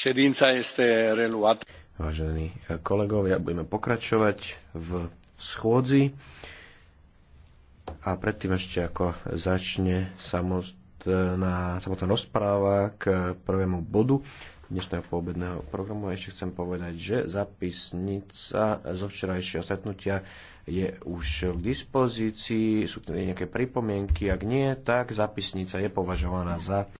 Šedinca este Vážení kolegovia, budeme pokračovať v schôdzi. A predtým ešte ako začne samotná, samotná rozpráva k prvému bodu dnešného poobedného programu, ešte chcem povedať, že zapisnica zo včerajšieho stretnutia je už k dispozícii, sú tu nejaké pripomienky, ak nie, tak zapisnica je považovaná za